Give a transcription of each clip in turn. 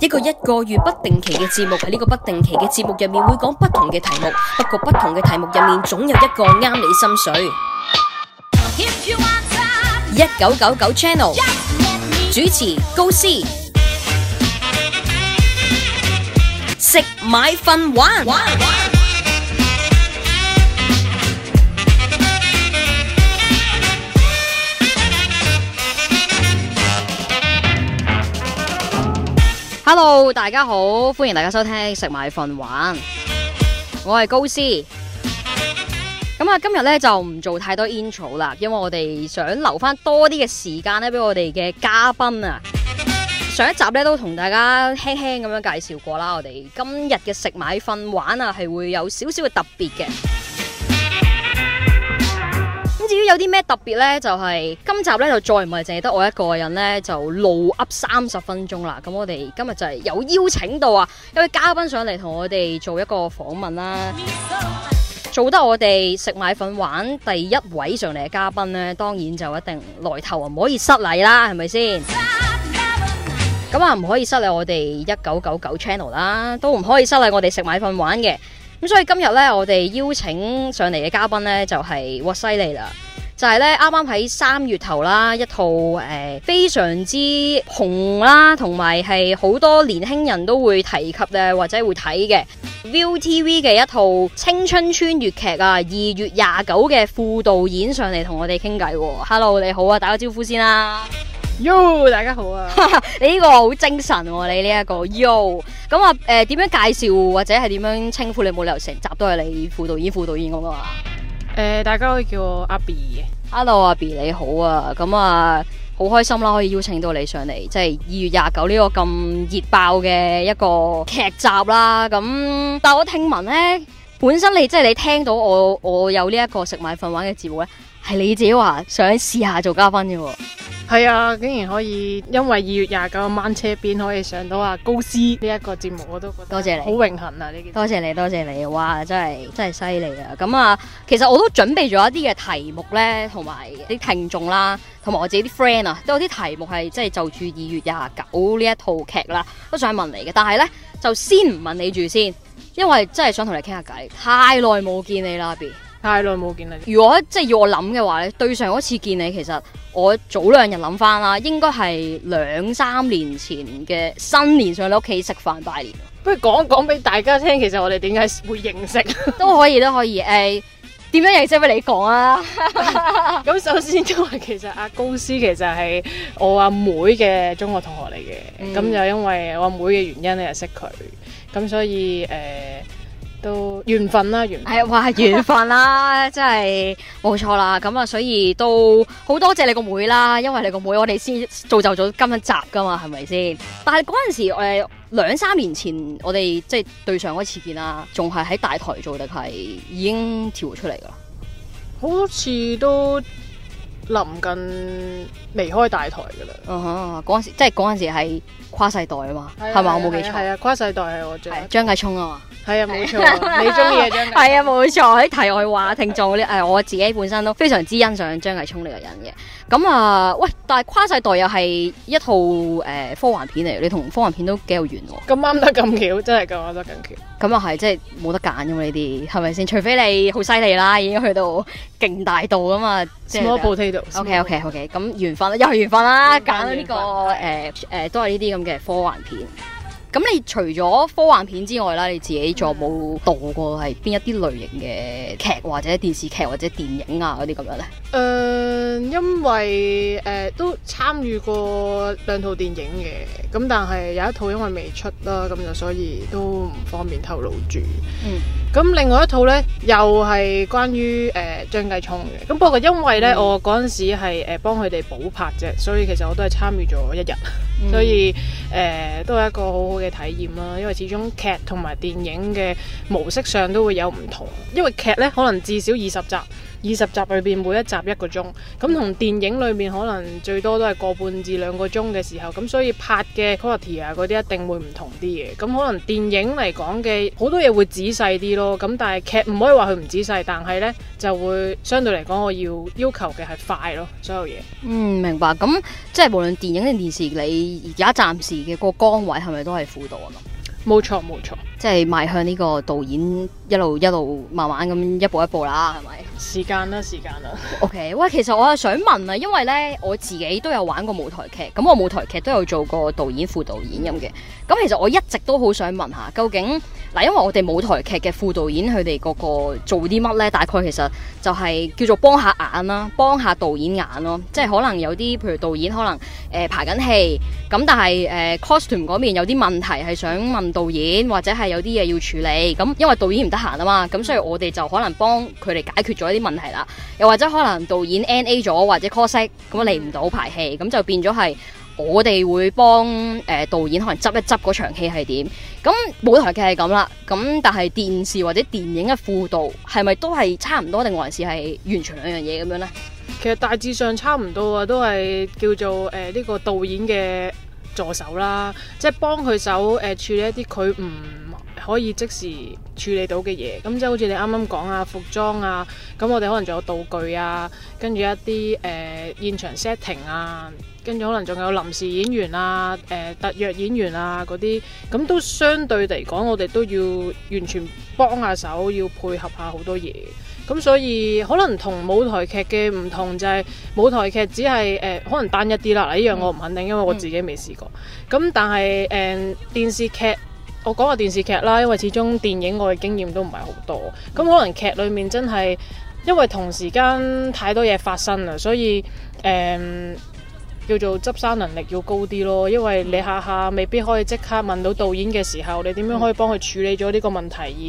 一個一個月不定期嘅節目，喺呢個不定期嘅節目入面會講不同嘅題目，不過不同嘅題目入面總有一個啱你心水。一九九九 channel 主持高斯食買瞓玩。Hello，大家好，歡迎大家收聽食買瞓玩，我係高斯。咁啊，今日咧就唔做太多 intro 啦，因為我哋想留翻多啲嘅時間咧俾我哋嘅嘉賓啊。上一集咧都同大家輕輕咁樣介紹過啦，我哋今日嘅食買瞓玩啊係會有少少嘅特別嘅。至於有啲咩特別呢？就係、是、今集呢，就再唔係淨係得我一個人呢，就嘮噏三十分鐘啦。咁我哋今日就係有邀請到啊一位嘉賓上嚟同我哋做一個訪問啦。 做得我哋食買訓玩第一位上嚟嘅嘉賓呢，當然就一定來頭啊，唔可以失禮啦，係咪先？咁啊，唔 可以失禮我哋一九九九 channel 啦，都唔可以失禮我哋食買訓玩嘅。咁所以今日咧，我哋邀請上嚟嘅嘉賓咧，就係哇犀利啦，就係、是、咧，啱啱喺三月頭啦，一套誒、呃、非常之紅啦，同埋係好多年輕人都會提及咧，或者會睇嘅 Viu TV 嘅一套青春穿越劇啊！二月廿九嘅副導演上嚟同我哋傾偈。Hello，你好啊，打個招呼先啦。Yo，大家好啊！ 你呢個好精神喎、啊，你呢、這、一個 Yo，咁啊，誒，點、呃、樣介紹或者係點樣稱呼你，冇理由成集都係你副導演、副導演咁噶嘛？誒、呃，大家可以叫我阿 B，Hello，阿 Bee，你好啊！咁啊，好、呃、開心啦、啊，可以邀請到你上嚟，即係二月廿九呢個咁熱爆嘅一個劇集啦。咁但係我聽聞咧，本身你即係、就是、你聽到我我有完完呢一個食買瞓玩嘅節目咧，係你自己話想試下做嘉賓嘅？係啊，竟然可以，因為二月廿九晚車邊可以上到啊高斯呢一個節目，我都覺得、啊、多謝你，好榮幸啊呢件。多謝你，多謝你，哇，真係真係犀利啊！咁啊，其實我都準備咗一啲嘅題目呢，同埋啲聽眾啦，同埋我自己啲 friend 啊，都有啲題目係即係就住、是、二月廿九呢一套劇啦，都想問你嘅。但係呢，就先唔問你住先，因為真係想同你傾下偈，太耐冇見你啦，Bee。太耐冇見你。如果即係要我諗嘅話咧，對上嗰次見你，其實我早兩日諗翻啦，應該係兩三年前嘅新年上你屋企食飯拜年。不如講講俾大家聽，其實我哋點解會認識？都可以，都可以。誒，點樣認識？俾你講啊。咁首先都係，其實阿高斯其實係我阿妹嘅中學同學嚟嘅。咁就因為我阿妹嘅原因咧，識佢。咁所以誒。都緣分啦，緣係啊，話係緣分啦，真係冇錯啦。咁啊，所以都好多謝你個妹啦，因為你個妹、妹，我哋先造就咗今一集噶嘛，係咪先？但係嗰陣時誒，兩三年前我哋即係對上嗰次見啦，仲係喺大台做定係已經跳出嚟噶？好似都臨近離開大台噶啦。Uh huh，嗰陣時即係嗰陣時係跨世代啊嘛，係咪？我冇記錯係啊，跨世代係我張繼聰啊嘛。係啊，冇錯，你中意嘅，張藝係啊，冇錯，喺題外話，聽眾嗰啲誒，我自己本身都非常之欣賞張藝聰呢個人嘅。咁啊，喂，但係跨世代又係一套誒科幻片嚟，你同科幻片都幾有緣喎。咁啱得咁巧，真係咁啱得咁巧。咁又係，即係冇得揀噶嘛呢啲，係咪先？除非你好犀利啦，已經去到勁大度噶嘛。Small potato？OK OK OK，咁緣分又係緣分啦，揀到呢個誒誒，都係呢啲咁嘅科幻片。咁你除咗科幻片之外啦，你自己仲有冇導過係邊一啲類型嘅劇或者電視劇或者電影啊嗰啲咁樣呢？誒、呃，因為誒、呃、都參與過兩套電影嘅，咁但係有一套因為未出啦，咁就所以都唔方便透露住。嗯。咁另外一套呢，又係關於誒張繼聰嘅。咁、呃、不過因為呢，嗯、我嗰陣時係誒幫佢哋補拍啫，所以其實我都係參與咗一日，嗯、所以誒、呃、都係一個好好嘅體驗啦。因為始終劇同埋電影嘅模式上都會有唔同，因為劇呢，可能至少二十集。二十集裏邊每一集一個鐘，咁同電影裏面可能最多都係個半至兩個鐘嘅時候，咁所以拍嘅 quality 啊嗰啲一定會唔同啲嘅。咁可能電影嚟講嘅好多嘢會仔細啲咯，咁但係劇唔可以話佢唔仔細，但係呢就會相對嚟講，我要要求嘅係快咯，所有嘢。嗯，明白。咁即係無論電影定電視，你而家暫時嘅個崗位係咪都係副導啊？冇錯，冇錯。即係邁向呢個導演，一路一路慢慢咁一步一步啦，係咪？時間啦，時間啦。OK，喂，其實我係想問啊，因為咧我自己都有玩過舞台劇，咁、嗯、我舞台劇都有做過導演、副導演咁嘅。咁、嗯、其實我一直都好想問下，究竟嗱、呃，因為我哋舞台劇嘅副導演佢哋嗰個做啲乜咧？大概其實就係叫做幫下眼啦，幫下導演眼咯。即係可能有啲譬如導演可能誒排緊戲，咁但係誒、呃、costume 嗰邊有啲問題係想問導演，或者係有啲嘢要處理。咁、嗯、因為導演唔得閒啊嘛，咁、嗯嗯、所以我哋就可能幫佢哋解決咗。有啲問題啦，又或者可能導演 N A 咗或者 cos 咁嚟唔到排戲，咁就變咗係我哋會幫誒導演可能執一執嗰場戲係點。咁舞台劇係咁啦，咁但係電視或者電影嘅輔導係咪都係差唔多，定還是係完全兩樣嘢咁樣呢？其實大致上差唔多啊，都係叫做誒呢個導演嘅助手啦，即係幫佢手誒處理一啲佢唔。可以即時處理到嘅嘢，咁即係好似你啱啱講啊，服裝啊，咁我哋可能仲有道具啊，跟住一啲誒、呃、現場 setting 啊，跟住可能仲有臨時演員啊、誒、呃、特約演員啊嗰啲，咁都相對嚟講，我哋都要完全幫下手，要配合下好多嘢。咁所以可能同舞台劇嘅唔同就係、是、舞台劇只係誒、呃、可能單一啲啦，呢樣我唔肯定，因為我自己未試過。咁、嗯、但係誒、呃、電視劇。我講下電視劇啦，因為始終電影我嘅經驗都唔係好多，咁可能劇裏面真係因為同時間太多嘢發生啊，所以誒、嗯、叫做執生能力要高啲咯，因為你下下未必可以即刻問到導演嘅時候，你點樣可以幫佢處理咗呢個問題、嗯、而，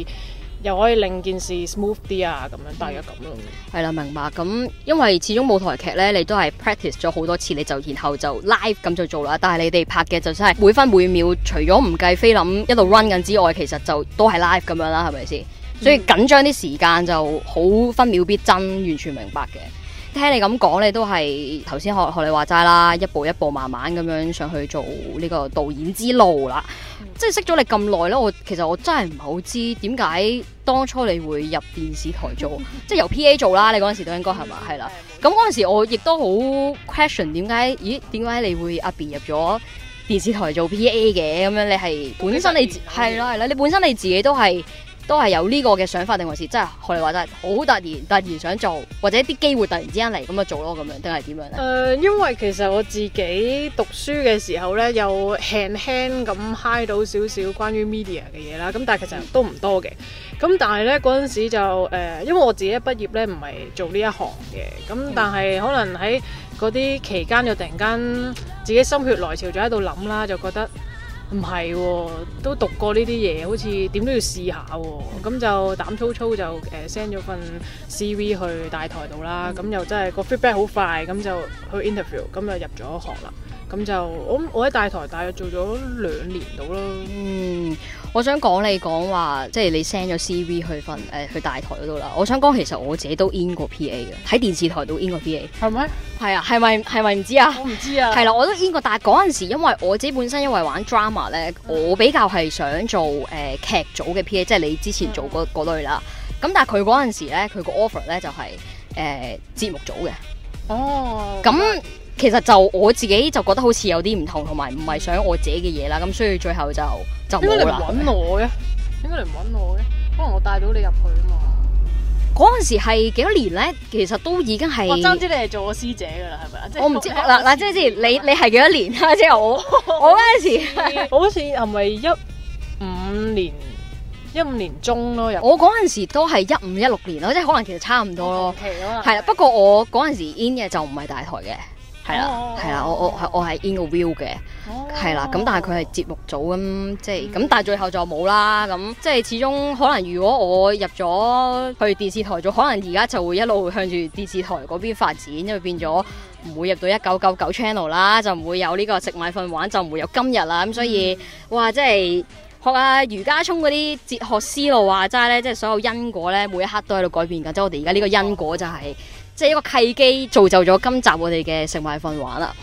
又可以令件事 smooth 啲啊，咁樣大約咁咯。係啦，明白。咁因為始終舞台劇呢，你都係 practice 咗好多次，你就然後就 live 咁就做啦。但係你哋拍嘅就真係每分每秒，除咗唔計菲林一路 run 緊之外，其實就都係 live 咁樣啦，係咪先？嗯、所以緊張啲時間就好分秒必爭，完全明白嘅。聽你咁講，你都係頭先學學你話齋啦，一步一步慢慢咁樣上去做呢個導演之路啦。嗯、即係識咗你咁耐咧，我其實我真係唔係好知點解當初你會入電視台做， 即係由 PA 做啦。你嗰陣時都應該係嘛係啦。咁嗰陣時我亦都好 question 點解，咦，點解你會阿 B 入咗電視台做 PA 嘅？咁樣你係本身你係啦係啦，啦啦 你本身你自己都係。都係有呢個嘅想法，定還是真係學你話齋，真係好突然突然想做，或者啲機會突然之間嚟，咁咪做咯，咁樣定係點樣咧？誒、呃，因為其實我自己讀書嘅時候咧，又輕輕咁揩到少少關於 media 嘅嘢啦，咁但係其實都唔多嘅。咁、嗯、但係咧嗰陣時就誒、呃，因為我自己畢業咧唔係做呢一行嘅，咁但係可能喺嗰啲期間就突然間自己心血來潮就喺度諗啦，就覺得。唔係、哦、都讀過呢啲嘢，好似點都要試下喎、哦。咁、嗯、就膽粗粗就誒 send 咗份 CV 去大台度啦。咁又、嗯、真係個 feedback 好快，咁就去 interview，咁就入咗行啦。咁就我我喺大台大約做咗兩年到啦。嗯，我想講你講話，即係你 send 咗 CV 去份誒、呃、去大台嗰度啦。我想講，其實我自己都 in 過 PA 嘅，喺電視台都 in 過 PA 係咪？係啊，係咪係咪唔知，啊，知啊，啊？我唔知啊。係啦，我都 in 過，但係嗰陣時因為我自己本身因為玩 drama 咧、嗯，我比較係想做誒劇、呃、組嘅 PA，即係你之前做嗰嗰類啦。咁、嗯、但係佢嗰陣時咧，佢個 offer 咧就係誒節目組嘅。哦，咁、嗯。其實就我自己就覺得好似有啲唔同，同埋唔係想我自己嘅嘢啦。咁所以最後就就冇啦。點解唔嚟搵我嘅，點解唔嚟搵我嘅，可能我帶到你入去啊嘛。嗰陣時係幾多年咧？其實都已經係我知知你係做 我師姐噶啦？係咪啊？我唔知嗱嗱，即係先你你係幾多年啊？即係我我嗰陣時， 好似係咪一五年一五年中咯？我嗰陣時都係一五一六年咯，即係可能其實差唔多咯。期啊係啦，不過我嗰陣時 in 嘅就唔係大台嘅。係啦，係啦，我我我係 in 個 view 嘅，係啦，咁但係佢係節目組咁，即係咁，但係最後就冇啦，咁即係始終可能如果我入咗去電視台組，可能而家就會一路向住電視台嗰邊發展，因為變咗唔會入到一九九九 channel 啦，就唔會有呢個食買訓玩，就唔會有今日啦，咁所以哇，即係學阿余家聰嗰啲哲學思路話齋呢，即係所有因果呢，每一刻都喺度改變噶，即係我哋而家呢個因果就係、是。即係一個契機，造就咗今集我哋嘅食買訓玩、嗯、啦。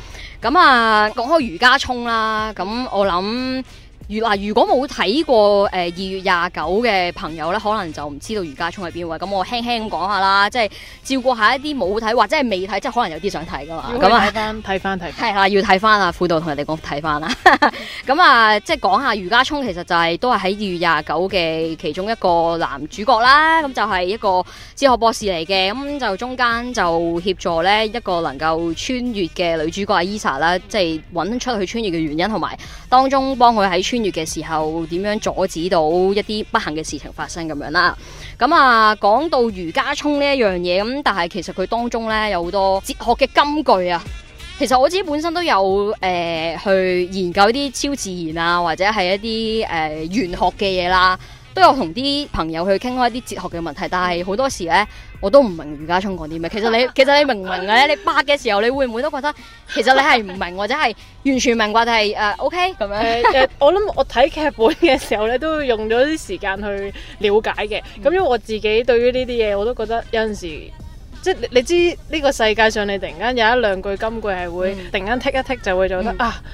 咁、嗯、啊，講開馀家聰啦，咁我諗。如嗱，如果冇睇過誒二月廿九嘅朋友咧，可能就唔知道余家聰係邊位。咁我輕輕咁講下啦，即係照顧下一啲冇睇或者係未睇，即係可能有啲想睇㗎嘛。咁啊，睇翻睇翻睇，係啊，要睇翻啊，輔導同人哋講睇翻啦。咁啊， 即係講下余家聰其實就係、是、都係喺二月廿九嘅其中一個男主角啦。咁就係一個哲學博士嚟嘅，咁就中間就協助咧一個能夠穿越嘅女主角阿 e s a 啦，即係揾出去穿越嘅原因，同埋當中幫佢喺穿。月嘅時候點樣阻止到一啲不幸嘅事情發生咁樣啦？咁啊，講到儒家沖呢一樣嘢咁，但係其實佢當中呢，有好多哲學嘅金句啊。其實我自己本身都有誒、呃、去研究一啲超自然啊，或者係一啲誒玄學嘅嘢啦，都有同啲朋友去傾開一啲哲學嘅問題，但係好多時呢。我都唔明馮家聰講啲咩，其實你其實你明唔明嘅咧？你拍嘅時候，你會唔會都覺得其實你係唔明或者係完全明或者係誒 OK 咁樣？誒我諗我睇劇本嘅時候咧，都會用咗啲時間去了解嘅。咁因為我自己對於呢啲嘢，我都覺得有陣時即係你知呢個世界上，你突然間有一兩句金句係會突然間剔一剔，就會覺得啊～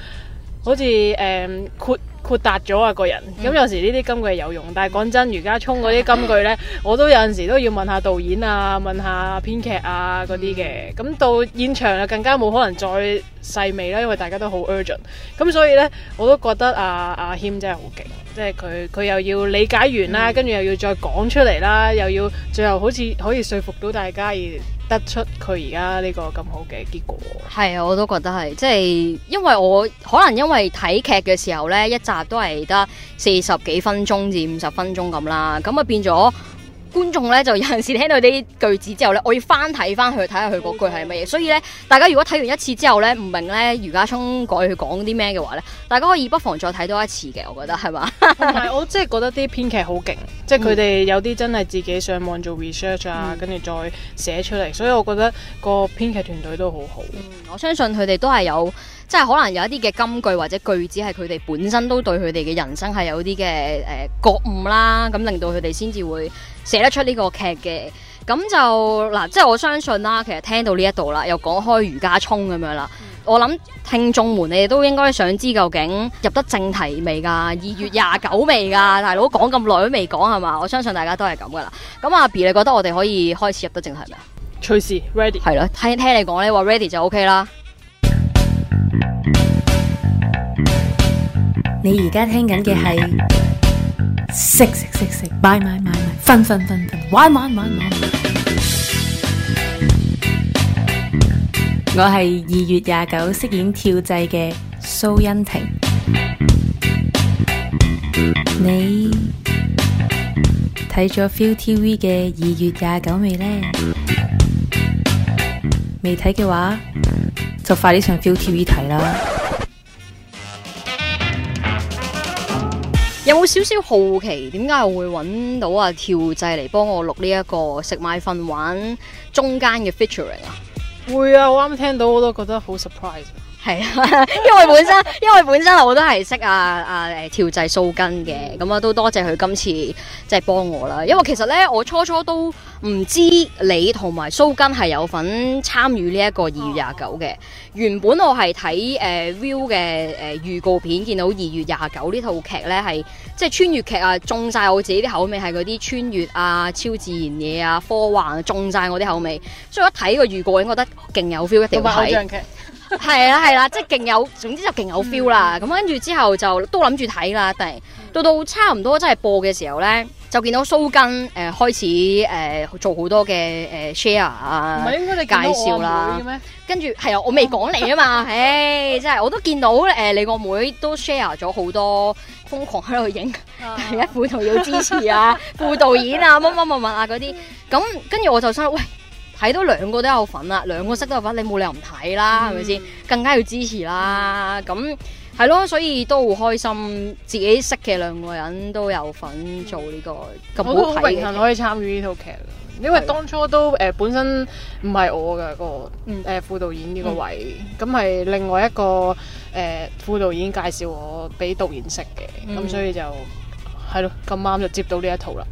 好似誒豁豁達咗啊個人，咁、嗯、有時呢啲金句有用，但係講真，馮家聰嗰啲金句呢，我都有陣時都要問下導演啊，問下編劇啊嗰啲嘅，咁、嗯、到現場啊更加冇可能再細微啦，因為大家都好 urgent，咁所以呢，我都覺得阿、啊、阿、啊、謙真係好勁，即係佢佢又要理解完啦，嗯、跟住又要再講出嚟啦，又要最後好似可以說服到大家而。得出佢而家呢個咁好嘅結果，係啊，我都覺得係，即係因為我可能因為睇劇嘅時候呢，一集都係得四十幾分鐘至五十分鐘咁啦，咁啊變咗。觀眾咧就有陣時聽到啲句子之後咧，我要翻睇翻去睇下佢嗰句係乜嘢。嗯、所以咧，大家如果睇完一次之後咧唔明咧餘家聰過去講啲咩嘅話咧，大家可以不妨再睇多一次嘅，我覺得係嘛？唔 我真係覺得啲編劇好勁，嗯、即係佢哋有啲真係自己上網做 research 啊，跟住再寫出嚟。所以我覺得個編劇團隊都好好，嗯。我相信佢哋都係有。即係可能有一啲嘅金句或者句子係佢哋本身都對佢哋嘅人生係有啲嘅誒覺悟啦，咁令到佢哋先至會寫得出呢個劇嘅。咁就嗱，即係我相信啦。其實聽到呢一度啦，又講開馀家聰咁樣啦，嗯、我諗聽眾們你哋都應該想知究竟入得正題未噶？二月廿九未噶？ 大佬講咁耐都未講係嘛？我相信大家都係咁噶啦。咁阿 B 你覺得我哋可以開始入得正題咩？隨時 ready 係啦，聽聽你講咧話 ready 就 OK 啦。你而家聽緊嘅係食食食食買買買買瞓瞓瞓瞓玩玩玩玩， 我係二月廿九飾演跳制嘅蘇欣婷。你睇咗 ViuTV 嘅二月廿九未呢？未睇嘅話，就快啲上 ViuTV 睇啦。有冇少少好奇點解我會搵到阿、啊、跳制嚟幫我錄呢一個食買訓玩中間嘅 featuring 啊？會啊，我啱聽到我都覺得好 surprise。係啊， 因為本身因為本身我都係識啊啊誒調製蘇根嘅，咁啊都多謝佢今次即係幫我啦。因為其實咧，我初初都唔知你同埋蘇根係有份參與呢一個二月廿九嘅。原本我係睇誒 view 嘅誒、呃、預告片，見到二月廿九呢套劇咧係即係穿越劇啊，中晒我自己啲口味係嗰啲穿越啊、超自然嘢啊、科幻、啊，中晒我啲口味。所以一睇個預告片已經，覺得勁有 feel，一定要睇。係啦係啦，即係勁有，總之就勁有 feel 啦。咁跟住之後就都諗住睇啦，但係到到差唔多真係播嘅時候咧，就見到蘇根誒開始誒做好多嘅誒 share 啊，唔係應該你見到我介紹嘅咩？跟住係啊，我未講你啊嘛，唉，真係我都見到誒，你個妹都 share 咗好多瘋狂喺度影，係啊，副導要支持啊，副導演啊，乜乜乜乜啊嗰啲，咁跟住我就想喂。睇到兩個都有份啦，兩個識都有份，你冇理由唔睇啦，係咪先？嗯、更加要支持啦。咁係、嗯、咯，所以都好開心，自己識嘅兩個人都有份做呢、這個咁、嗯、好睇。我都好榮幸可以參與呢套劇，因為當初都誒、呃、本身唔係我嘅、個誒、呃、副導演呢個位，咁係、嗯、另外一個誒、呃、副導演介紹我俾導演識嘅，咁、嗯、所以就係咯，咁啱就接到呢一套啦。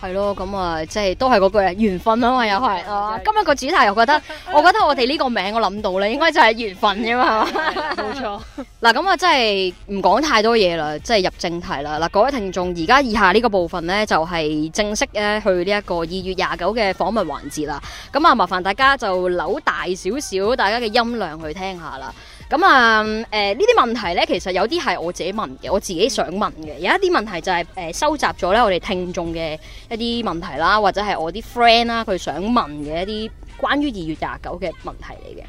係咯，咁啊，即係都係嗰句啊，緣分啊嘛又係，係今日個主題我覺得，我覺得我哋呢個名我諗到咧，應該就係緣分啫嘛，係嘛。冇錯。嗱，咁啊，真係唔講太多嘢啦，即係入正題啦。嗱，各位聽眾，而家以下呢個部分呢，就係正式咧去呢一個二月廿九嘅訪問環節啦。咁啊，麻煩大家就扭大少少，大家嘅音量去聽下啦。咁啊，誒呢啲問題呢，其實有啲係我自己問嘅，我自己想問嘅。有一啲問題就係、是、誒、呃、收集咗呢我哋聽眾嘅一啲問題啦，或者係我啲 friend 啦，佢想問嘅一啲關於二月廿九嘅問題嚟嘅。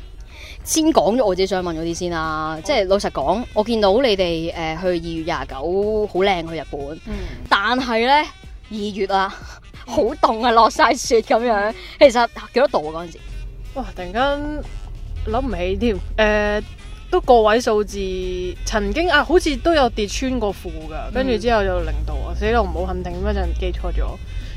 先講咗我自己想問嗰啲先啦。嗯、即係老實講，我見到你哋誒、呃、去二月廿九好靚去日本，日本嗯、但係呢，二月啊好凍啊，落晒雪咁樣。嗯、其實幾多度嗰陣時？哇！突然間諗唔起添，誒、呃。都個位數字，曾經啊，好似都有跌穿過負㗎，跟住、嗯、之後就零度啊，死都唔好肯定，嗰陣記錯咗，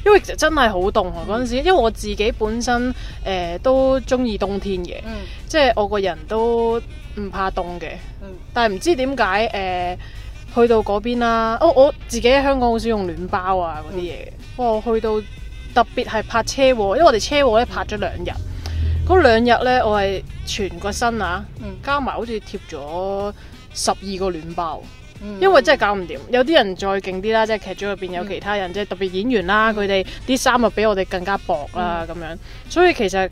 因為其實真係好凍啊！嗰陣時，因為我自己本身誒、呃、都中意冬天嘅，嗯、即係我個人都唔怕凍嘅，嗯、但係唔知點解誒去到嗰邊啦、啊。我、哦、我自己喺香港好少用暖包啊嗰啲嘢，不過、嗯哦、去到特別係拍車禍，因為我哋車禍咧拍咗兩日。嗰兩日呢，我係全個身啊，加埋好似貼咗十二個暖包，因為真係搞唔掂。有啲人再勁啲啦，即係劇組入邊有其他人，即係特別演員啦，佢哋啲衫，就比我哋更加薄啦咁樣。所以其實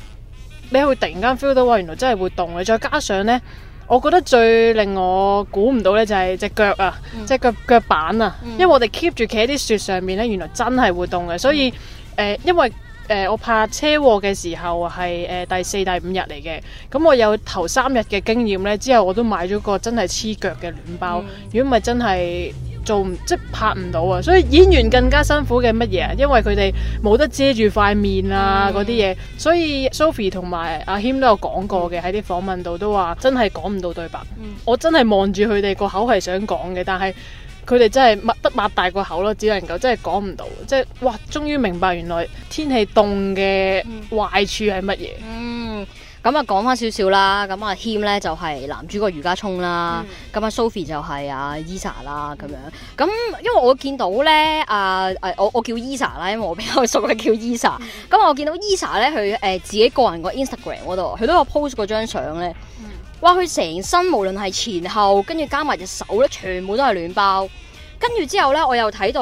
你會突然間 feel 到話，原來真係會凍嘅。再加上呢，我覺得最令我估唔到呢，就係隻腳啊，隻腳腳板啊，因為我哋 keep 住企喺啲雪上面呢，原來真係會凍嘅。所以誒，因為。誒、呃、我拍車禍嘅時候係誒、呃、第四第五日嚟嘅。咁、嗯、我有頭三日嘅經驗呢，之後我都買咗個真係黐腳嘅暖包，如果唔係真係做唔即拍唔到啊！所以演員更加辛苦嘅乜嘢？嗯、因為佢哋冇得遮住塊面啊嗰啲嘢，所以 Sophie 同埋阿謙都有講過嘅，喺啲訪問度都話真係講唔到對白，嗯、我真係望住佢哋個口係想講嘅，但係。佢哋真係擘得擘大個口咯，只能夠真係講唔到，即係哇！終於明白原來天氣凍嘅壞處係乜嘢。咁啊、嗯，講翻少少啦。咁阿謙咧就係男主角余家聰啦。咁阿、嗯、Sophie 就係阿 Esa 啦咁樣。咁因為我見到咧啊誒，我我叫 Esa 啦，因為我比較熟咧叫 Esa 咁我見到 Esa 咧，佢誒自己個人個 Instagram 嗰度，佢都有 po 咗嗰張相咧。嗯哇，佢成身無論係前後，跟住加埋隻手咧，全部都係暖包。跟住之後咧，我又睇到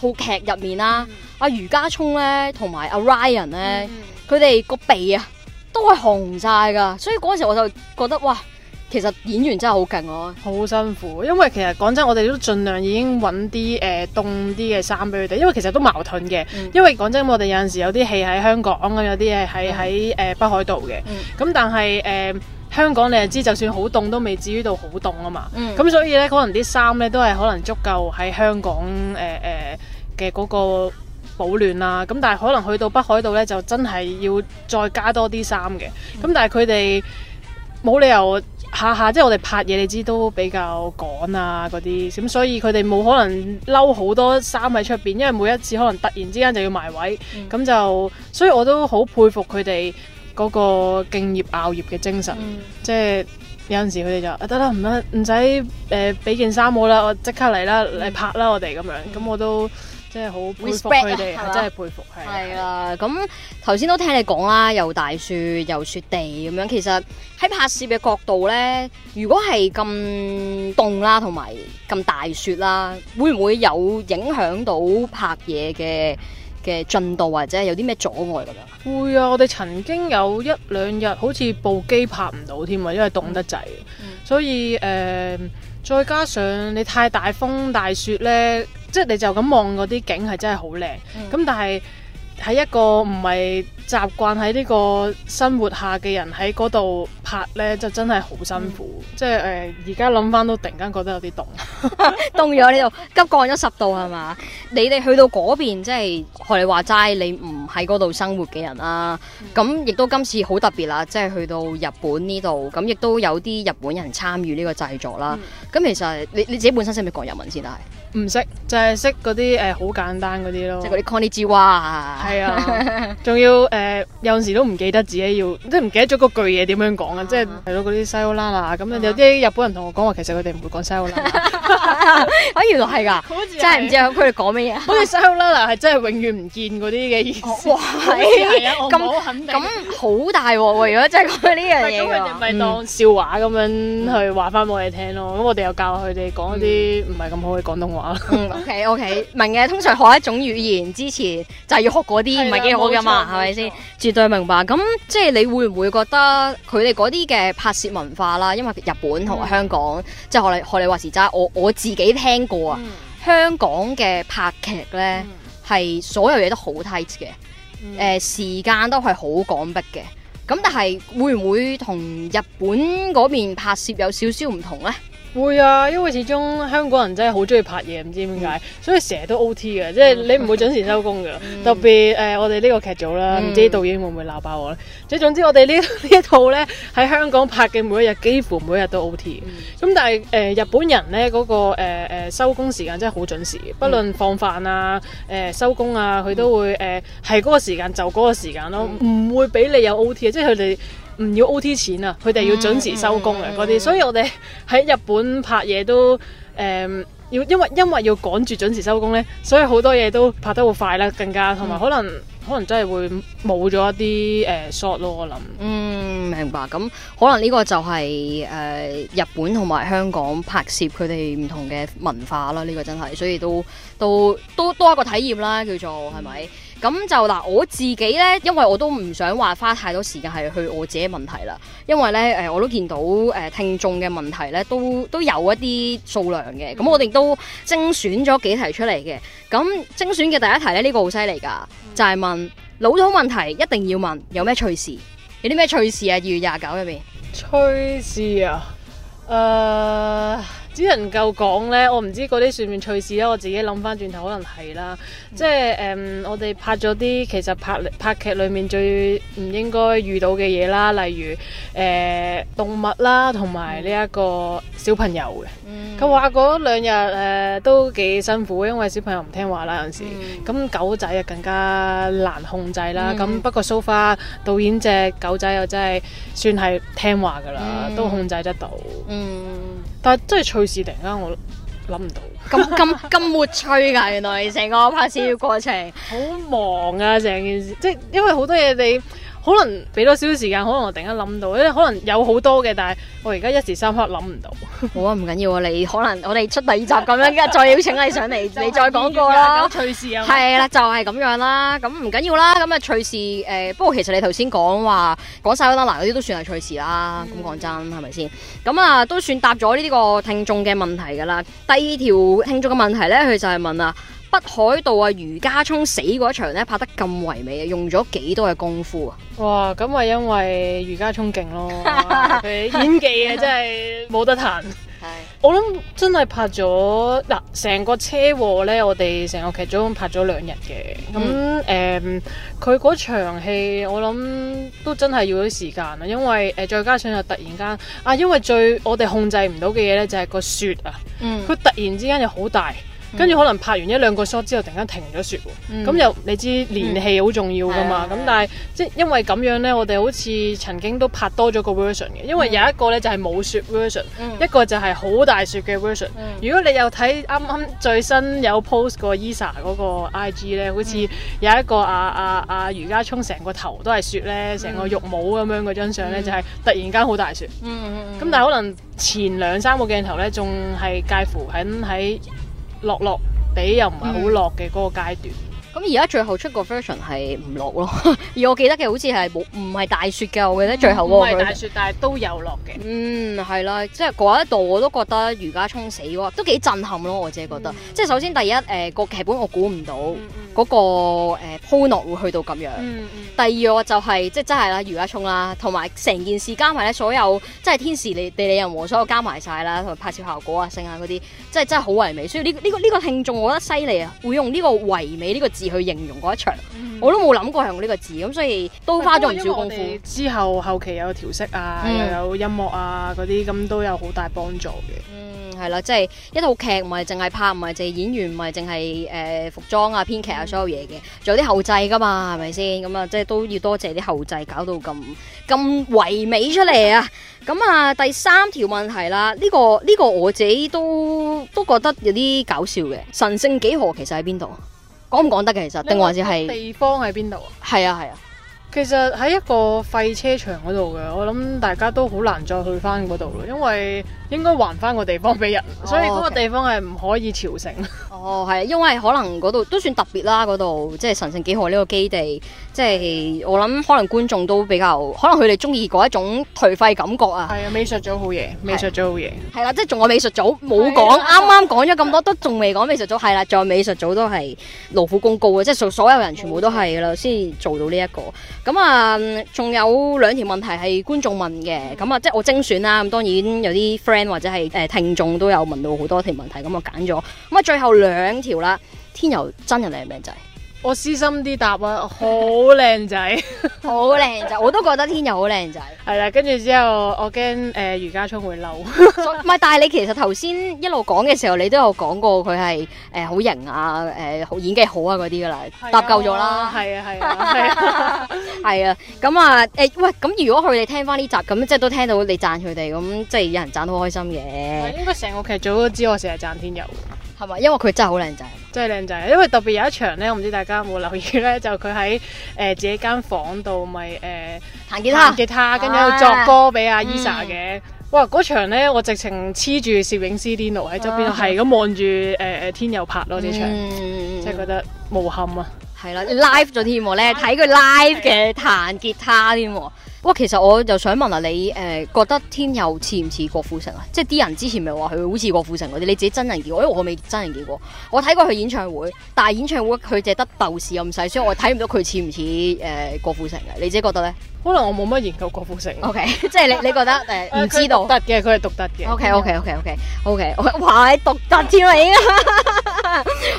套劇入面啦，阿、嗯啊、余家聰咧同埋阿 Ryan 咧，佢哋個鼻啊都係紅晒噶。所以嗰時我就覺得，哇，其實演員真係好勁哦，好辛苦。因為其實講真，我哋都盡量已經揾啲誒凍啲嘅衫俾佢哋，因為其實都矛盾嘅。嗯、因為講真，我哋有陣時有啲戲喺香港咁，有啲嘢係喺誒北海道嘅。咁、嗯、但係誒。呃香港你就知，就算好凍都未至於到好凍啊嘛。咁、嗯、所以呢，可能啲衫呢都係可能足夠喺香港誒誒嘅嗰個保暖啦、啊。咁、嗯、但係可能去到北海道呢，就真係要再加多啲衫嘅。咁、嗯、但係佢哋冇理由下下即係我哋拍嘢，你知都比較趕啊嗰啲。咁所以佢哋冇可能攞好多衫喺出邊，因為每一次可能突然之間就要埋位，咁、嗯、就所以我都好佩服佢哋。嗰個敬業熬業嘅精神，即係有陣時佢哋就得啦，唔得唔使誒俾件衫我啦，我即刻嚟啦嚟拍啦，我哋咁樣，咁我都即係好佩服佢哋，係真係佩服。係啊，咁頭先都聽你講啦，又大雪又雪地咁樣，其實喺拍攝嘅角度咧，如果係咁凍啦，同埋咁大雪啦，會唔會有影響到拍嘢嘅？嘅進度或者有啲咩阻礙噶？會啊， 嗯、 我哋曾經有一兩日好似部機拍唔到添啊，因為凍得滯、嗯， 所以誒、呃，再加上你太大風大雪呢，即係你就咁望嗰啲景係真係好靚咁，但係，喺一個唔係習慣喺呢個生活下嘅人喺嗰度拍呢，就真係好辛苦。嗯、即係誒，而家諗翻都突然間覺得有啲凍， 凍咗呢度急降咗十度係嘛？ 你哋去到嗰邊即係學你話齋，你唔喺嗰度生活嘅人啦、啊。咁、嗯、亦都今次好特別啦，即係去到日本呢度，咁亦都有啲日本人參與呢個製作啦。咁、嗯、其實你你自己本身識唔識講日文先？但係唔識，就係識嗰啲誒好簡單嗰啲咯，即係嗰啲 konnichiwa 啊，係啊，仲要誒有陣時都唔記得自己要，即係唔記得咗個句嘢點樣講啊，uh huh. 即係係咯嗰啲 sayonara，咁啊有啲日本人同我講話，其實佢哋唔會講 sayonara。啊！原來係㗎，真係唔知佢哋講咩嘢？好似《s h o 係真係永遠唔見嗰啲嘅意思。咁好肯定，咁好大鑊喎！如果真係講呢樣嘢，佢哋咪當笑話咁樣去話翻俾我哋聽咯。咁我哋又教佢哋講一啲唔係咁好嘅廣東話。OK OK，明嘅。通常學一種語言之前，就係要學嗰啲唔係幾好㗎嘛，係咪先？絕對明白。咁即係你會唔會覺得佢哋嗰啲嘅拍攝文化啦？因為日本同埋香港即係學你學你話事齋，我。我自己聽過啊，嗯、香港嘅拍劇呢，係、嗯、所有嘢都好 tight 嘅，誒、嗯呃、時間都係好趕逼嘅，咁但係會唔會同日本嗰邊拍攝有少少唔同呢？會啊，因為始終香港人真係好中意拍嘢，唔知點解，嗯、所以成日都 O T 嘅，嗯、即係你唔會準時收工嘅。嗯、特別誒、呃，我哋呢個劇組啦，唔、嗯、知導演會唔會鬧爆我咧？即係總之我哋呢呢一套咧喺香港拍嘅每一日，幾乎每一日都 O T。咁、嗯、但係誒、呃、日本人咧嗰、嗰個誒誒收工時間真係好準時，不論放飯啊誒收工啊，佢、呃啊、都會誒係嗰個時間就嗰個時間咯，唔、嗯、會俾你有 O T。即係佢哋。唔要 O.T. 錢啊！佢哋要準時收工啊。嗰啲，所以我哋喺日本拍嘢都誒、呃，要因為因為要趕住準時收工咧，所以好多嘢都拍得好快啦、啊，更加同埋可能、嗯、可能真係會冇咗一啲誒 shot 咯，我諗。嗯，明白。咁可能呢個就係、是、誒、呃、日本同埋香港拍攝佢哋唔同嘅文化啦。呢、這個真係，所以都都都多一個體驗啦，叫做係咪？嗯咁就嗱，我自己呢，因為我都唔想話花太多時間係去我自己問題啦，因為呢，誒，我都見到誒聽眾嘅問題呢，都都有一啲數量嘅，咁、嗯、我哋都精選咗幾題出嚟嘅。咁精選嘅第一題呢，呢、呢個好犀利噶，嗯、就係問老土問題，一定要問，有咩趣事，有啲咩趣事啊？二月廿九入面，趣事啊，誒、uh。只能夠講呢，我唔知嗰啲算唔算趣事啦。我自己諗翻轉頭，可能係啦，嗯、即係誒、嗯，我哋拍咗啲其實拍拍劇裏面最唔應該遇到嘅嘢啦，例如誒、呃、動物啦，同埋呢一個小朋友嘅。佢話嗰兩日誒、呃、都幾辛苦，因為小朋友唔聽話啦，有時咁、嗯、狗仔啊更加難控制啦。咁、嗯、不過蘇、so、far 導演隻狗仔又真係算係聽話㗎啦，嗯、都控制得到。嗯但係真係隨時突然間，我諗唔到。咁咁咁活潑㗎，原來成個拍攝嘅過程 好忙啊！成件事，即係因為好多嘢你。可能俾多少少時間，可能我突然間諗到，因為可能有好多嘅，但係我而家一時三刻諗唔到、哦。好啊，唔緊要啊，你可能我哋出第二集咁樣，又再邀請你上嚟， 啊、 你再講過啦，隨時、嗯就是、啊。係啦， 就係、是、咁樣啦，咁唔緊要啦，咁啊，隨時，誒，不過其實你頭先講話講晒嗰單嗱嗰啲都算係趣事啦，咁講真係咪先？咁、嗯、啊，都算答咗呢啲個聽眾嘅問題噶啦。第二條聽眾嘅問題呢，佢就係問啊。北海道啊，余家聰死嗰場咧拍得咁唯美啊，用咗幾多嘅功夫啊？哇，咁咪因為余家聰勁咯， 演技真 真啊真係冇得彈。係，我諗真係拍咗嗱成個車禍咧，我哋成個劇組拍咗兩日嘅。咁誒，佢嗰場戲我諗都真係要咗時間啊，因為誒、呃、再加上又突然間啊，因為最我哋控制唔到嘅嘢咧就係個雪啊，佢、嗯、突然之間又好大。跟住可能拍完一兩個 shot 之後，突然間停咗雪喎。咁又、嗯、你知連戲好重要噶嘛？咁、嗯、但係即係因為咁樣呢，我哋好似曾經都拍多咗個 version 嘅，嗯、因為有一個呢就係冇雪 version，、嗯、一個就係好大雪嘅 version。嗯、如果你又睇啱啱最新有 post 過 e 個 Esa 嗰個 IG 呢，好似有一個啊啊啊，余家聰成個頭都係雪呢，成、嗯、個玉帽咁樣嗰張相呢，就係突然間好大雪。咁、嗯嗯、但係可能前兩三個鏡頭呢，仲係介乎喺喺。落落地又唔係好落嘅嗰個階段。咁而家最後出個 version 係唔落咯，而我記得嘅好似係冇唔係大雪嘅，我記得最後嗰個係大雪，但係都有落嘅。嗯，係啦，即係嗰一度我都覺得余家聰死喎，都幾震撼咯，我自己覺得。嗯、即係首先第一，誒、呃、個劇本我估唔到嗰、嗯嗯嗰個誒、呃、鋪落會去到咁樣。嗯嗯第二個就係、是、即係真係啦，余家聰啦，同埋成件事加埋咧所有，即係天時、地地利人和所有加埋晒啦，同埋拍攝效果啊、聲啊嗰啲，即係真係好唯美。所以呢、這、呢個呢、這個聽眾，我覺得犀利啊，會用呢個唯美呢個而去形容嗰一場，嗯、我都冇諗過用呢個字，咁所以都花咗唔少功夫。之後後期有調色啊，嗯、又有音樂啊嗰啲，咁都有好大幫助嘅。嗯，係啦，即係一套劇唔係淨係拍，唔係淨係演員，唔係淨係誒服裝啊、編劇啊所有嘢嘅，仲、嗯、有啲後製噶嘛，係咪先？咁啊，即係都要多謝啲後製搞到咁咁唯美出嚟啊！咁啊，第三條問題啦，呢個呢個我自己都都覺得有啲搞笑嘅，神聖幾何其實喺邊度？講唔講得嘅其實，定或者係地方喺邊度啊？係啊係啊，其實喺一個廢車場嗰度嘅，我諗大家都好難再去翻嗰度咯，因為應該還翻個地方俾人，所以嗰個地方係唔可以朝聖。Oh, okay. 哦，係，啊，因為可能嗰度都算特別啦，嗰度即係神聖幾何呢個基地，即係係我諗可能觀眾都比較，可能佢哋中意嗰一種頹廢感覺啊。係啊，美術組好嘢，美術組好嘢。係啦，即係仲有美術組冇講，啱啱講咗咁多都仲未講美術組，係啦，仲有美術組都係勞苦功高嘅，即係所有人全部都係啦，先至做到呢、這、一個。咁啊，仲有兩條問題係觀眾問嘅，咁、嗯、啊即係我精選啦、啊，咁當然有啲 friend 或者係誒聽眾都有問到好多條問題，咁啊揀咗，咁啊最後兩。兩條啦，天佑真人靚唔靚仔？我私心啲答啊，好靚 仔，好靚仔，我都覺得天佑好靚仔，係啦。 跟住之後，我驚誒、呃、余家聰會嬲，唔 係。但係你其實頭先一路講嘅時候，你都有講過佢係誒好型啊，誒、呃、演技好啊嗰啲噶啦，搭夠咗啦，係啊係，啊係啊係啊。咁啊誒、啊、喂，咁如果佢哋聽翻呢集，咁即係都聽到你讚佢哋，咁即係有人讚得好開心嘅。應該成個劇組都知我成日讚天佑。係嘛？因為佢真係好靚仔，真係靚仔。因為特別有一場咧，我唔知大家有冇留意咧，就佢喺誒自己間房度咪誒彈吉他，彈吉他，跟住、啊、作歌俾阿 Elsa 嘅。嗯、哇！嗰場咧，我直情黐住攝影師 Dino 喺周邊係咁望住誒誒天佑拍咯，呢場真係、嗯、覺得無憾啊！係啦，live 咗添喎，咧睇佢 live 嘅彈吉他添。哇，其實我就想問下你誒、呃、覺得天佑似唔似郭富城啊？即係啲人之前咪話佢好似郭富城嗰啲，你自己真人見、哎，我因為我未真人見過，我睇過佢演唱會，但係演唱會佢就係得豆豉咁細，所以我睇唔到佢似唔似誒郭富城嘅，你自己覺得咧？可能我冇乜研究郭富城。O、okay, K，即係你你覺得誒唔、呃、 知道？得嘅、啊，佢係獨特嘅。O K O K O K O K，我話你獨特添啊，已經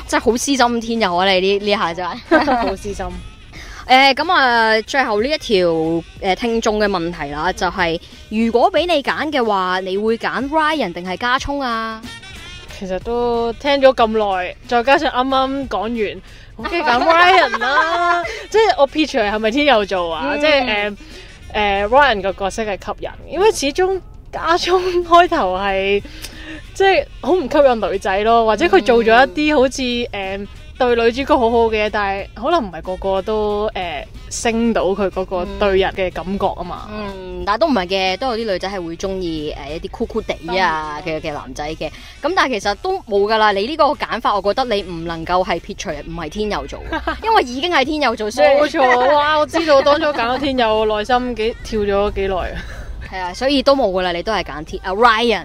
真係好私心，天佑 我哋呢呢下真係好私心。誒，咁啊，呃，最後呢一條誒，呃，聽眾嘅問題啦，就係、是，如果俾你揀嘅話，你會揀 Ryan 定係家聰啊其實都聽咗咁耐，再加上啱啱講完，我梗係揀 Ryan 啦。 即係我 picture 係咪天佑做啊？嗯，即係誒誒，Ryan 嘅角色係吸引，因為始終家聰開頭係即係好唔吸引女仔咯，或者佢做咗一啲好似誒。Um, 對女主角好好嘅，但係可能唔係個個都誒、呃、升到佢嗰個對日嘅感覺啊嘛。嗯，但係都唔係嘅，都有啲女仔係會中意誒一啲酷酷哋啊嘅嘅、嗯、男仔嘅。咁但係其實都冇噶啦，你呢個揀法，我覺得你唔能夠係撇除唔係天佑做， 因為已經係天佑做先。冇錯，哇！我知道我當初揀咗天佑，內 心幾跳咗幾耐啊。係啊，所以都冇噶啦，你都係揀鐵啊，Ryan，咁 Ryan,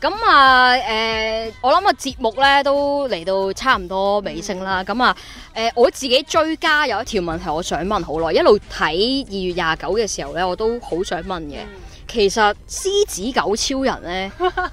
Ryan. 啊，誒、呃，我諗個節目咧都嚟到差唔多尾聲啦，咁、mm hmm. 啊，誒、呃，我自己追加有一條問題，我想問好耐，一路睇二月廿九嘅時候咧，我都好想問嘅。Mm hmm. 其實獅子狗超人咧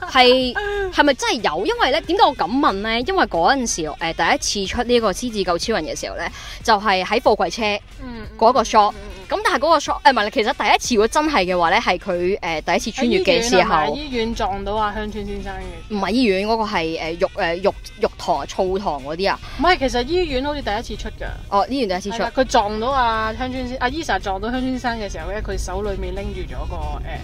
係係咪真係有？因為咧點解我咁問咧？因為嗰陣時誒、呃、第一次出呢個獅子狗超人嘅時候咧，就係喺貨櫃車嗰、mm hmm. 個 shot、mm。Hmm. 咁但係、那、嗰個唔係，其實第一次如果真係嘅話咧，係佢誒第一次穿越嘅時候，醫院，醫院撞到阿鄉村先生嘅。唔係醫院嗰、那個係誒浴誒浴浴堂澡堂嗰啲啊。唔係，其實醫院好似第一次出㗎。哦，醫院第一次出，佢撞到阿鄉村先阿 Elsa 撞到鄉村先生嘅時候咧，佢手裡面拎住咗個誒。呃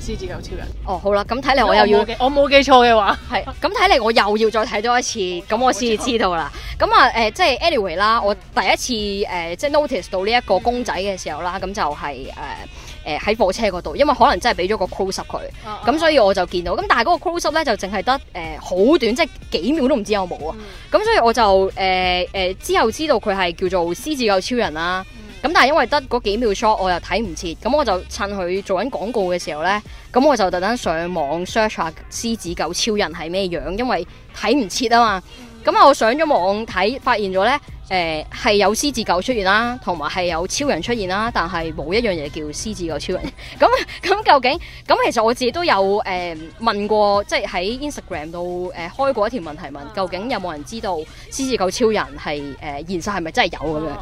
獅子狗超人哦，好啦，咁睇嚟我又要我冇記，記錯嘅話，係咁睇嚟我又要再睇多一次，咁冇錯，我先至知道啦。咁啊誒，即係 anyway 啦，我第一次誒即、呃、係、就是、notice 到呢一個公仔嘅時候啦，咁、嗯、就係誒誒喺貨車嗰度，因為可能真係俾咗個 close up 佢，咁、嗯、所以我就見到。咁但係嗰個 close up 咧就淨係得誒好短，即、就、係、是、幾秒都唔知有冇啊。咁、嗯、所以我就誒誒、呃呃、之後知道佢係叫做獅子狗超人啦。嗯嗯咁但係因為得嗰幾秒 shot 我又睇唔切，咁我就趁佢做緊廣告嘅時候呢，咁我就特登上網 search 下獅子狗超人係咩樣，因為睇唔切啊嘛。咁啊，我上咗網睇，發現咗呢，誒、呃、係有獅子狗出現啦，同埋係有超人出現啦，但係冇一樣嘢叫獅子狗超人。咁 咁究竟，咁其實我自己都有誒、呃、問過，即、就、係、是、喺 Instagram 度誒、呃、開過一條問題問，究竟有冇人知道獅子狗超人係誒、呃、現實係咪真係有咁樣？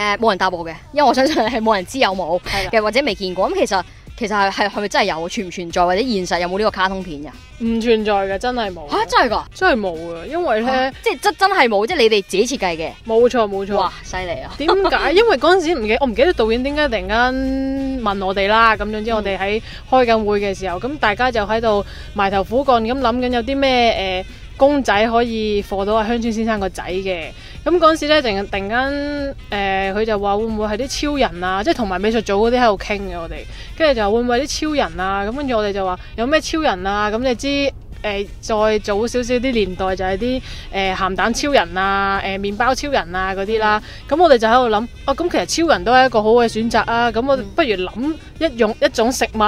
誒，冇、呃、人答我嘅，因為我相信係冇人知有冇嘅，的或者未見過。咁其實其實係係咪真係有存唔存在或者現實有冇呢個卡通片噶？唔存在嘅，真係冇。吓、啊，真係噶？真係冇啊！因為咧、啊，即係真真係冇，即係你哋自己設計嘅。冇錯冇錯。哇，犀利啊！點解？因為嗰陣時唔記，我唔記得導演點解突然間問我哋啦。咁總之，我哋喺開緊會嘅時候，咁、嗯、大家就喺度埋頭苦幹咁諗緊有啲咩誒。呃公仔可以貨到啊！香川先生個仔嘅咁嗰陣時咧，突然突然間誒，佢、呃、就話會唔會係啲超人啊？即係同埋美術組嗰啲喺度傾嘅我哋，跟住就話會唔會啲超人啊？咁跟住我哋就話有咩超人啊？咁你知誒、呃，再早少少啲年代就係啲誒鹹蛋超人啊、誒、呃、麵包超人啊嗰啲啦。咁我哋就喺度諗，哦、啊、咁其實超人都係一個好嘅選擇啊！咁我不如諗一用一種食物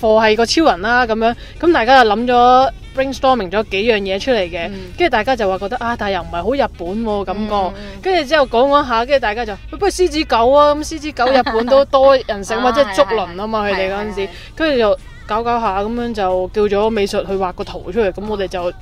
貨係個超人啦、啊，咁樣咁大家就諗咗。b r i n g s t o r m i n g 咗幾樣嘢出嚟嘅，跟住、嗯、大家就話覺得啊，但係又唔係好日本喎、啊、感覺，跟住之後講講下，跟住大家就、啊、不如獅子狗啊，咁、嗯、獅子狗日本都多人食或者竹輪啊嘛，佢哋嗰陣時，跟住 就搞搞下咁樣就叫咗美術去畫個圖出嚟，咁我哋就。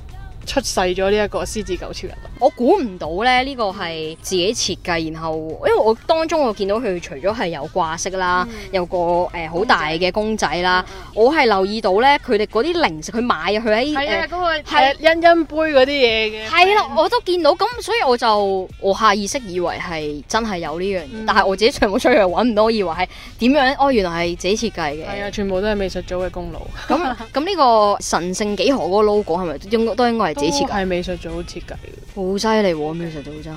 出世咗呢一個獅子狗超人，我估唔到咧，呢個係自己設計。然後因為我當中我見到佢除咗係有掛飾啦，嗯、有個誒好大嘅公仔啦，呃仔嗯、我係留意到咧，佢哋嗰啲零食佢買佢喺誒係欣欣杯嗰啲嘢嘅，係啦、啊、我都見到，咁所以我就我下意識以為係真係有呢樣嘢，嗯、但係我自己全部出去揾唔到，我以為係點樣哦，原來係自己設計嘅，係啊、嗯，全部都係美術組嘅功勞。咁咁呢個神聖幾何嗰個 logo 係咪都應該係自己設計，美術組設計，好犀利喎！美術組真係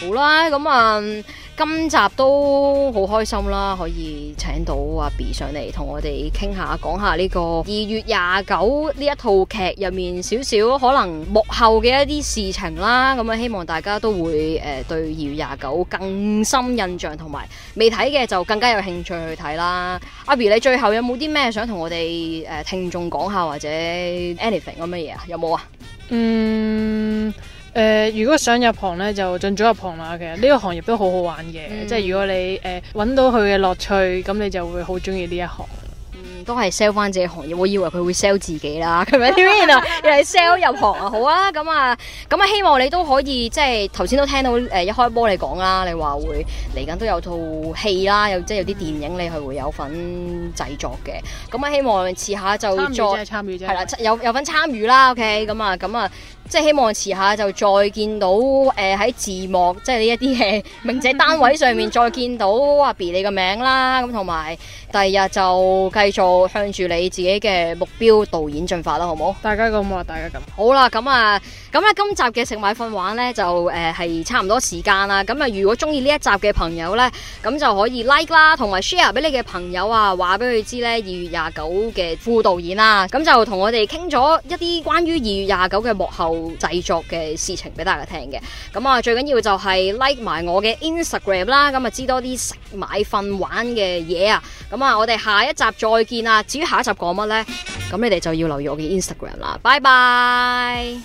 好啦，咁啊。今集都好開心啦，可以請到阿 B 上嚟同我哋傾下，講下呢個二月廿九呢一套劇入面少少可能幕後嘅一啲事情啦。咁啊，希望大家都會誒、呃、對二月廿九更深印象，同埋未睇嘅就更加有興趣去睇啦。阿 B 你最後有冇啲咩想同我哋誒、呃、聽眾講下或者 anything 咁乜嘢啊？有冇啊？嗯。誒、呃，如果想入行咧，就盡早入行啦。其實呢個行業都好好玩嘅，嗯、即係如果你誒搵、呃、到佢嘅樂趣，咁你就會好中意呢一行。嗯，都係 sell 翻自己行業。我以為佢會 sell 自己啦，係咪先啊？又係 sell 入行啊，好啊。咁啊，咁啊，希望你都可以即係頭先都聽到誒、呃，一開波你講啦，你話會嚟緊都有套戲啦，有即係有啲電影你係會有份製作嘅。咁、嗯、啊，希望次下就再係啦，有有份參與啦。OK，咁啊，咁啊。即係希望遲下就再見到誒喺、呃、字幕，即係呢一啲嘅名嘅單位上面再見到阿 B 你嘅名啦，咁同埋第二日就繼續向住你自己嘅目標導演進發啦，好唔好？大家咁話，大家咁話，好啦，咁啊，咁咧、啊、今集嘅食買瞓玩呢，就誒係、呃、差唔多時間啦。咁啊，如果中意呢一集嘅朋友呢，咁就可以 like 啦，同埋 share 俾你嘅朋友啊，話俾佢知呢二月廿九嘅副導演啦。咁就同我哋傾咗一啲關於二月廿九嘅幕後。製作嘅事情俾大家聽嘅，啊，咁啊最緊要就係 like 埋我嘅 Instagram 啦，咁啊知多啲食買瞓玩嘅嘢啊，咁啊我哋下一集再見啦，至於下一集講乜呢？咁你哋就要留意我嘅 Instagram 啦，拜拜。